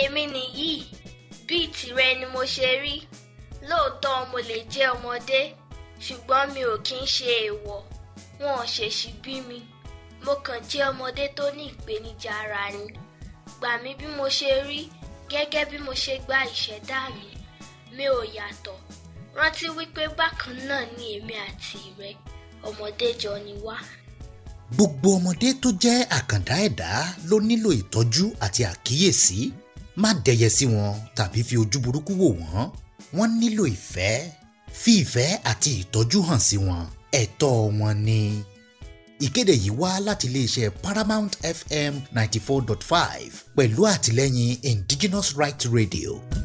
èmi nìyí bíi tìrẹ ni mo ṣe rí lóòótọ́ mo lè jẹ́ ọmọdé ṣùgbọ́n mi ò kí ń ṣe èèwọ̀ wọn ò ṣèṣì bí mi mo kàn jẹ́ ọmọdé tó ní ìpèníjà ara ni gbà mí bí mo ṣe rí gẹ́gẹ́ bí mo ṣe gba ìṣẹ̀dá mi mi ò yàtọ̀ rántí wípé bákan náà ni èmi àti rẹ ọmọdé jọ ni wá. gbogbo ọmọdé tó jẹ́ àkàndá ẹ̀dá ló nílò ìtọ́jú àti àkíyèsí. Si má dẹyẹ sí wọn tàbí fi ojú burúkú wò wọ́n wọ́n nílò ìfẹ́ fi ìfẹ́ àti ìtọ́jú hàn sí wọn ẹ̀tọ́ wọn ni. ìkéde yìí wá láti iléeṣẹ́ Paramount FM ninety four point five pẹ̀lú àtìlẹ́yìn Indigenous Rights Radio.